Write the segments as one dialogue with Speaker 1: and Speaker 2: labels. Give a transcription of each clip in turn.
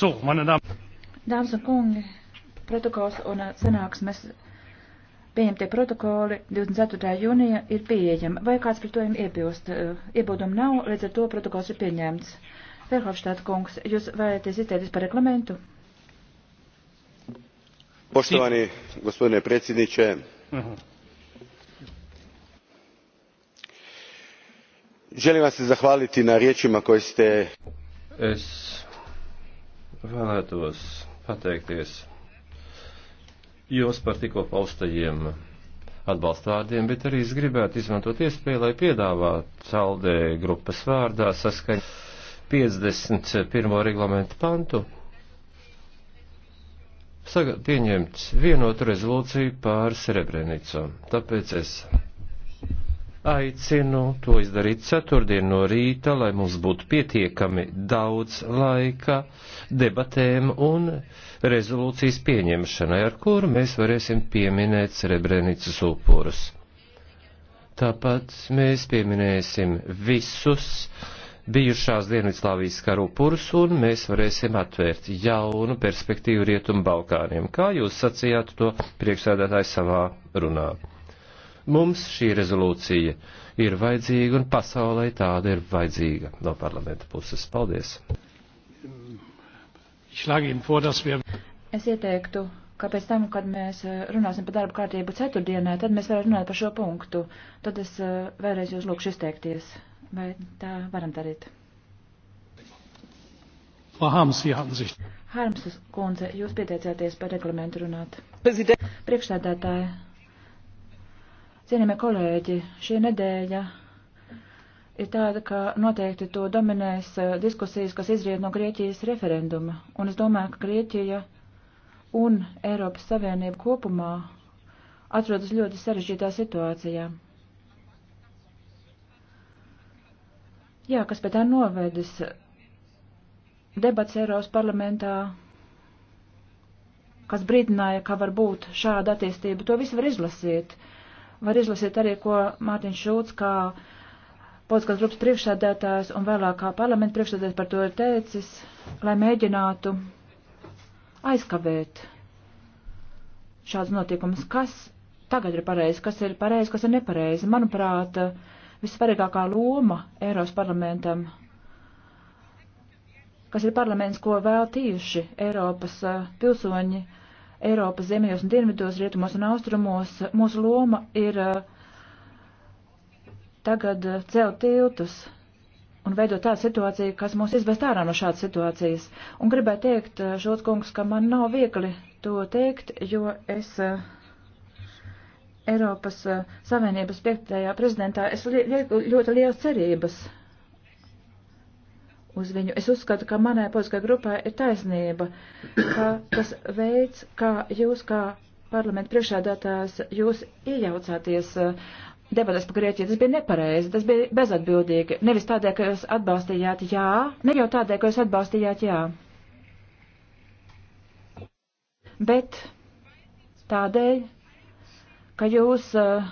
Speaker 1: So, meine Damen.
Speaker 2: Dāmas un kungi, protokols un uh, sanāksmes pieņemtie protokoli 24. jūnija ir pieejami. Vai kāds par to jums iebilst? Uh, iebildumu nav, līdz ar to protokols ir pieņemts. Verhofstāt kungs, jūs vēlaties izteikties par reglamentu?
Speaker 1: Poštovani gospodine predsjedniče, mhm. želim vam se zahvaliti na riječima koje ste... Es vēlētos pateikties jums par tikko paustajiem atbalsta vārdiem, bet arī es gribētu izmantot iespēju, lai piedāvātu caldē grupas vārdā saskaņā 51. reglamentu pantu pieņemt vienotu rezolūciju pār Srebrenicu. Tāpēc es Aicinu to izdarīt ceturtdien no rīta, lai mums būtu pietiekami daudz laika debatēm un rezolūcijas pieņemšanai, ar kuru mēs varēsim pieminēt Srebrenicas upurus. Tāpat mēs pieminēsim visus bijušās Dienvidslāvijas karu upurus un mēs varēsim atvērt jaunu perspektīvu Rietumu Balkāniem, kā jūs sacījāt to priekšsēdētāji savā runā. Mums šī rezolūcija ir vajadzīga un pasaulē tāda ir vajadzīga no parlamenta puses. Paldies!
Speaker 2: Es ieteiktu, ka pēc tam, kad mēs eh, runāsim par darba kārtību ceturtdienā, tad mēs varētu runāt par šo punktu. Tad es eh, vēlreiz jūs lūkšu izteikties. Vai tā varam darīt? Harms kundze, jūs pieteicāties par reglamentu runāt. Priekšstādātāja. Cienījamie kolēģi, šī nedēļa ir tāda, ka noteikti to dominēs eh, diskusijas, kas izriet no Grieķijas referenduma. Un es domāju, ka Grieķija un Eiropas Savienība kopumā atrodas ļoti sarežģītā situācijā. Jā, kas pēc tā novedis debats Eiropas parlamentā, kas brīdināja, ka var būt šāda attīstība, to visu var izlasīt. Uh, Var izlasīt arī, ko Mārtiņš Šulc kā politiskās grupas priekšsēdētājs un vēlāk kā parlamenta priekšsēdētājs par to ir teicis, lai mēģinātu aizkavēt šāds notikums, kas tagad ir pareizi, kas ir pareizi, kas ir nepareizi. Manuprāt, vissvarīgākā loma Eiros parlamentam, kas ir parlaments, ko vēl tieši Eiropas eh, pilsoņi Eiropas ziemeļos un dienvidos, rietumos un austrumos, mūsu loma ir eh, tagad eh, celt tiltus un veidot tādu situāciju, kas mūs izvest ārā no šādas situācijas. Un gribētu teikt, eh, Šots kungs, ka man nav viegli to teikt, jo es Eiropas Savienības piektajā prezidentā, es lieku ļoti lielas cerības uz viņu. Es uzskatu, ka manai politiskai grupai ir taisnība, ka tas veids, kā jūs kā parlamenta priekšādātājs, jūs iejaucāties uh, debatēs par Grieķiju, tas bija nepareizi, tas bija bezatbildīgi. Nevis tādēļ, ka jūs atbalstījāt jā, ne jau tādēļ, ka jūs atbalstījāt jā, bet tādēļ, ka jūs uh,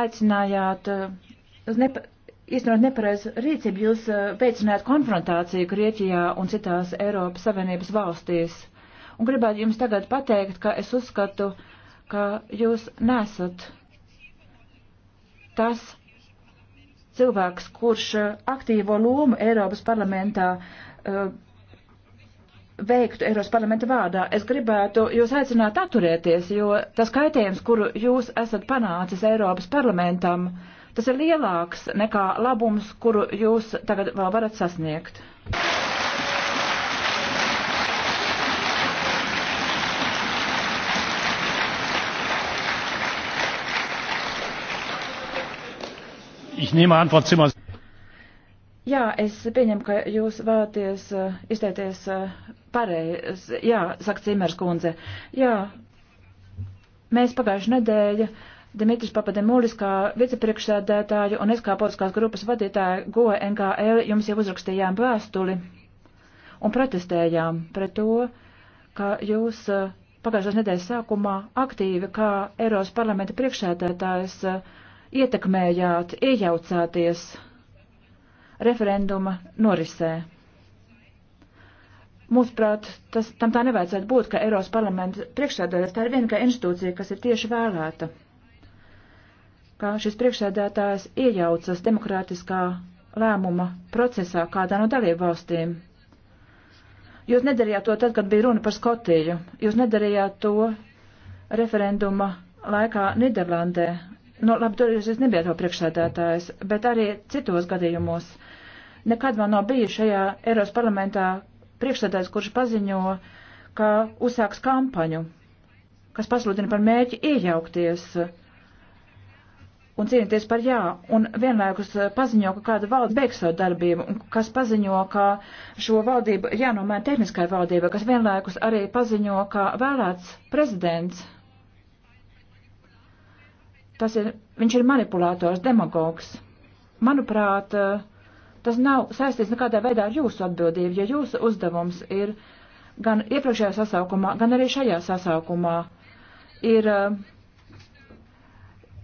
Speaker 2: aicinājāt uh, uz nepa Īstenot nepareizu rīcību jūs eh, veicināt konfrontāciju Grieķijā un citās Eiropas Savienības valstīs. Un gribētu jums tagad pateikt, ka es uzskatu, ka jūs nesat tas cilvēks, kurš eh, aktīvo lomu Eiropas parlamentā uh, eh, veiktu Eiropas parlamenta vārdā. Es gribētu jūs aicināt atturēties, jo tas kaitējums, kuru jūs esat panācis Eiropas parlamentam, uh, Tas ir lielāks nekā labums, kuru jūs tagad vēl varat sasniegt.
Speaker 1: Ich nehme an, Frau Zimmer.
Speaker 2: Jā, es pieņemu, ka jūs vēlaties uh, izteikties uh, pareizi. Jā, saka Cimers kundze. Jā, mēs pagājuši nedēļa. Uh, Dimitris Papademulis, kā vicepriekšsēdētāju un es kā politiskās grupas vadītāja GOE NKL jums jau uzrakstījām vēstuli un protestējām pret to, ka jūs eh, pagājušās nedēļas sākumā aktīvi kā Eiropas parlamenta priekšsēdētājs eh, ietekmējāt, iejaucāties referenduma norisē. Mūsuprāt, tas, tam tā nevajadzētu būt, ka Eiropas parlamenta priekšsēdētājs tā ir vienīgā institūcija, kas ir tieši vēlēta ka šis priekšsēdētājs iejaucas demokrātiskā lēmuma procesā kādā no dalību valstīm. Jūs nedarījāt to tad, kad bija runa par Skotiju. Jūs nedarījāt to referenduma laikā Niderlandē. Nu, labi, tur jūs nebijāt vēl priekšsēdētājs, bet arī citos gadījumos. Nekad vēl nav bijis šajā Eiropas parlamentā priekšsēdētājs, kurš paziņo, ka uzsāks kampaņu, kas pasludina par mēķi iejaukties uh, un cīnīties par jā, un vienlaikus eh, paziņo, ka kāda valda beigs savu darbību, un kas paziņo, ka šo valdību jānomaina tehniskai valdībai, kas vienlaikus arī paziņo, ka vēlēts prezidents, tas ir, viņš ir manipulātors, demagogs. Manuprāt, eh, tas nav saistīts nekādā veidā ar jūsu atbildību, jo jūsu uzdevums ir gan iepriekšējā sasaukumā, gan arī šajā sasaukumā ir uh,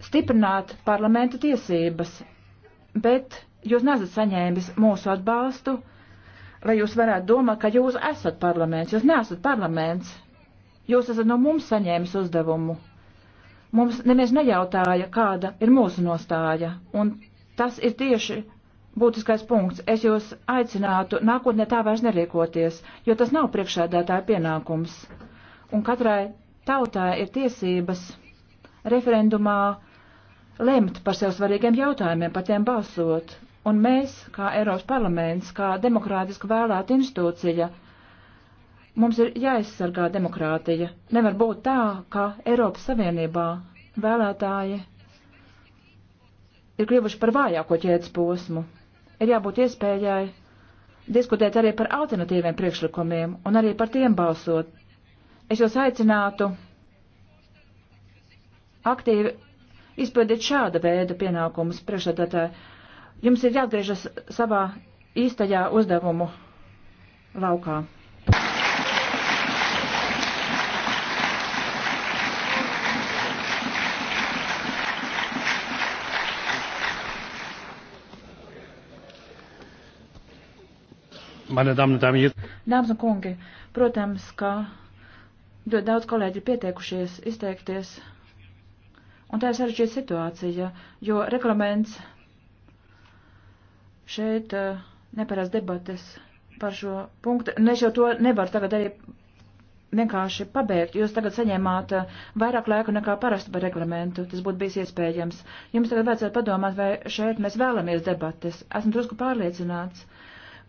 Speaker 2: stiprināt parlamenta tiesības, bet jūs nesat saņēmis mūsu atbalstu, lai jūs varētu domāt, ka jūs esat parlaments. Jūs neesat parlaments. Jūs esat no mums saņēmis uzdevumu. Mums neviens nejautāja, kāda ir mūsu nostāja, un tas ir tieši būtiskais punkts. Es jūs aicinātu nākotnē tā vairs nerīkoties, jo tas nav priekšēdētāja pienākums. Un katrai tautai ir tiesības referendumā lemt par sev svarīgiem jautājumiem, par tiem balsot. Un mēs, kā Eiropas parlaments, kā demokrātiski vēlēta institūcija, mums ir jāaizsargā demokrātija. Nevar būt tā, ka Eiropas Savienībā vēlētāji ir kļuvuši par vājāko ķēdes posmu. Ir jābūt iespējai diskutēt arī par alternatīviem priekšlikumiem un arī par tiem balsot. Es jūs aicinātu aktīvi izpildīt šāda veida pienākumus priekšsēdētāji. Jums ir jāatgriežas savā īstajā uzdevumu laukā.
Speaker 1: Meine Damen und Herren,
Speaker 2: Dāmas un kungi, protams, ka ļoti daudz kolēģi ir pieteikušies izteikties. Un tā ir sarežģīta situācija, jo reglaments šeit eh, neparās debates par šo punktu. Un es jau to nevaru tagad arī vienkārši pabeigt. Jūs tagad saņēmāt eh, vairāk laika nekā parasti par reglamentu. Tas būtu bijis iespējams. Jums tagad vajadzētu padomāt, vai šeit mēs vēlamies debates. Esmu drusku pārliecināts.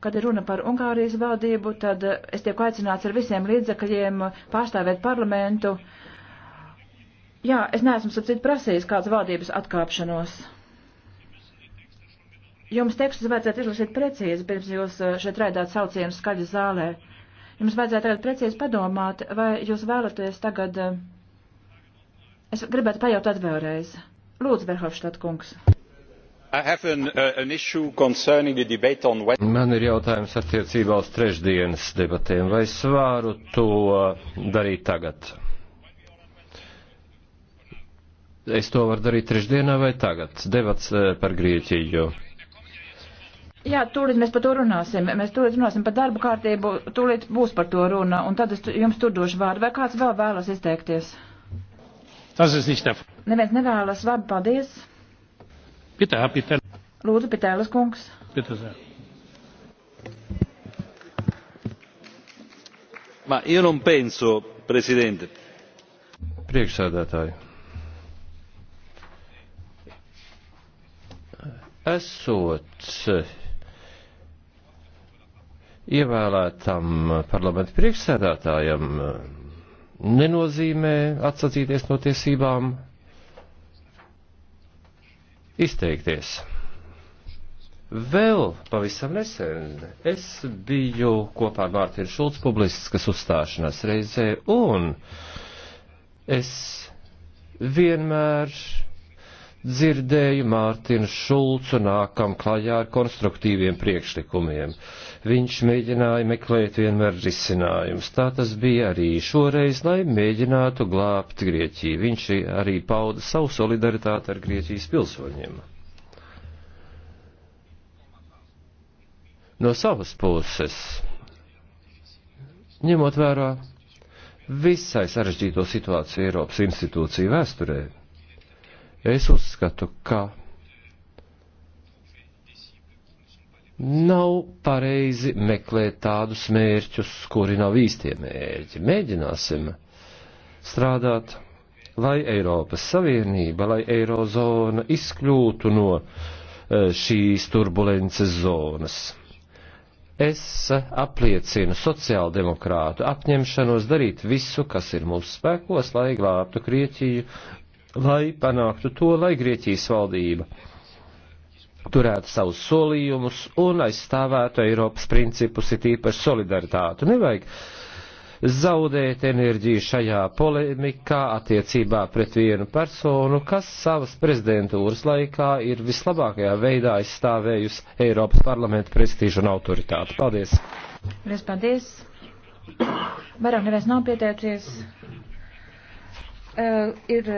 Speaker 2: Kad ir runa par Ungārijas valdību, tad eh, es tiek aicināts ar visiem līdzakļiem pārstāvēt parlamentu. Uh, Jā, es neesmu sapcīt prasījis kāds vādības atkāpšanos. Jums tekstus vajadzētu izlasīt precīzi, pirms jūs eh, šeit raidāt saucienu skaļu zālē. Jums vajadzētu tagad precīzi padomāt, vai jūs vēlaties tagad. Eh, es gribētu pajautāt vēlreiz. Lūdzu, Verhofstadt kungs.
Speaker 1: An, uh, on... Man ir jautājums attiecībā uz trešdienas debatēm. Vai es varu to darīt tagad? Es to varu darīt trešdienā vai tagad. Debats eh, par Grieķiju.
Speaker 2: Jā, tūlīt mēs par to runāsim. Mēs tūlīt runāsim par darbu kārtību, tūlīt būs par to runa, un tad es jums tur došu vārdu. Vai kāds vēl vēlas izteikties?
Speaker 1: Tas ir nišķēf.
Speaker 2: Neviens nevēlas. Labi, paldies. Pitā, pitā. Lūdzu, Pitēlis kungs.
Speaker 1: Pitā, zē. Ma io non penso, Presidente. Priekšsēdētāji. esot eh, ievēlētam parlamentu priekšsēdētājam eh, nenozīmē atsacīties no tiesībām izteikties. Vēl pavisam nesen es biju kopā ar Mārtiņu Šulcu publiskas uzstāšanās reizē, un es vienmēr dzirdēju Mārtinu Šulcu nākam klajā ar konstruktīviem priekšlikumiem. Viņš mēģināja meklēt vienmēr risinājumus. Tā tas bija arī šoreiz, lai mēģinātu glābt Grieķiju. Viņš arī pauda savu solidaritāti ar Grieķijas pilsoņiem. No savas puses, ņemot vērā visai sarežģīto situāciju Eiropas institūciju vēsturē, Es uzskatu, ka nav pareizi meklēt tādus mērķus, kuri nav īstie mērķi. Mēģināsim strādāt, lai Eiropas Savienība, lai Eirozona izkļūtu no e, šīs turbulences zonas. Es apliecinu sociāldemokrātu apņemšanos darīt visu, kas ir mūsu spēkos, lai glābtu Grieķiju lai panāktu to, lai Grieķijas valdība turētu savus solījumus un aizstāvētu Eiropas principus, it īpaši solidaritātu. Nevajag zaudēt enerģiju šajā polemikā attiecībā pret vienu personu, kas savas prezidentūras laikā ir vislabākajā veidā aizstāvējusi Eiropas parlamenta prestīžu un autoritāti.
Speaker 2: Paldies! Paldies! paldies. Vairāk neviens nav pieteicies. Uh, ir